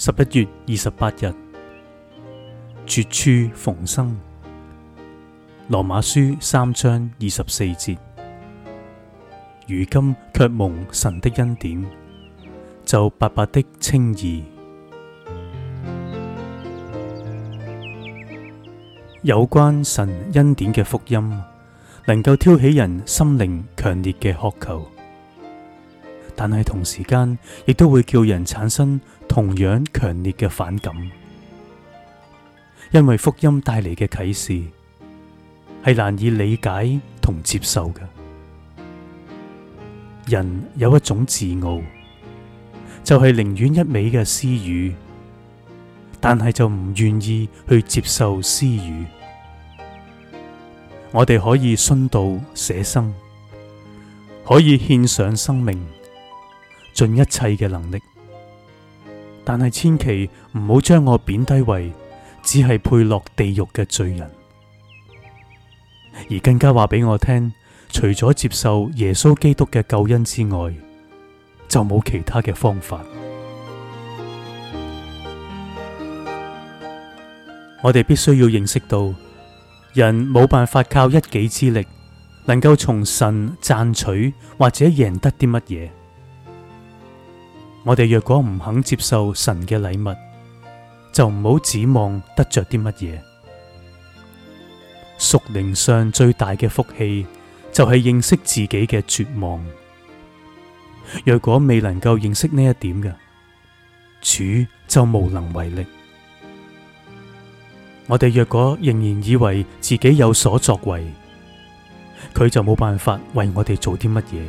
十一月二十八日，絕處逢生。羅馬書三章二十四節，如今卻蒙神的恩典，就白白的稱義。有關神恩典嘅福音，能夠挑起人心靈強烈嘅渴求。但係同時間，亦都會叫人產生同樣強烈嘅反感，因為福音帶嚟嘅啟示係難以理解同接受嘅。人有一種自傲，就係寧願一味嘅私語，但係就唔願意去接受私語。我哋可以殉道捨生，可以獻上生命。盡一切嘅能力，但係千祈唔好將我貶低為只係配落地獄嘅罪人，而更加話俾我聽，除咗接受耶穌基督嘅救恩之外，就冇其他嘅方法。我哋必須要認識到，人冇辦法靠一己之力，能夠從神賺取或者贏得啲乜嘢。我哋若果唔肯接受神嘅禮物，就唔好指望得着啲乜嘢。屬靈上最大嘅福氣就係認識自己嘅絕望。若果未能夠認識呢一點，嘅主就無能為力。我哋若果仍然以為自己有所作為，佢就冇辦法為我哋做啲乜嘢。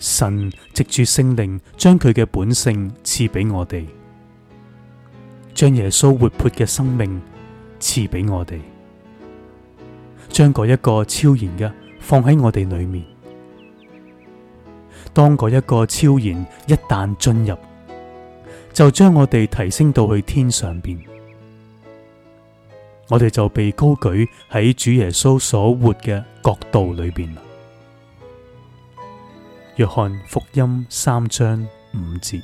神藉住聖靈，將佢嘅本性賜俾我哋，將耶穌活潑嘅生命賜俾我哋，將嗰一個超然嘅放喺我哋裏面。當嗰一個超然一旦進入，就將我哋提升到去天上邊，我哋就被高舉喺主耶穌所活嘅角度裏邊。約翰福音三章五節。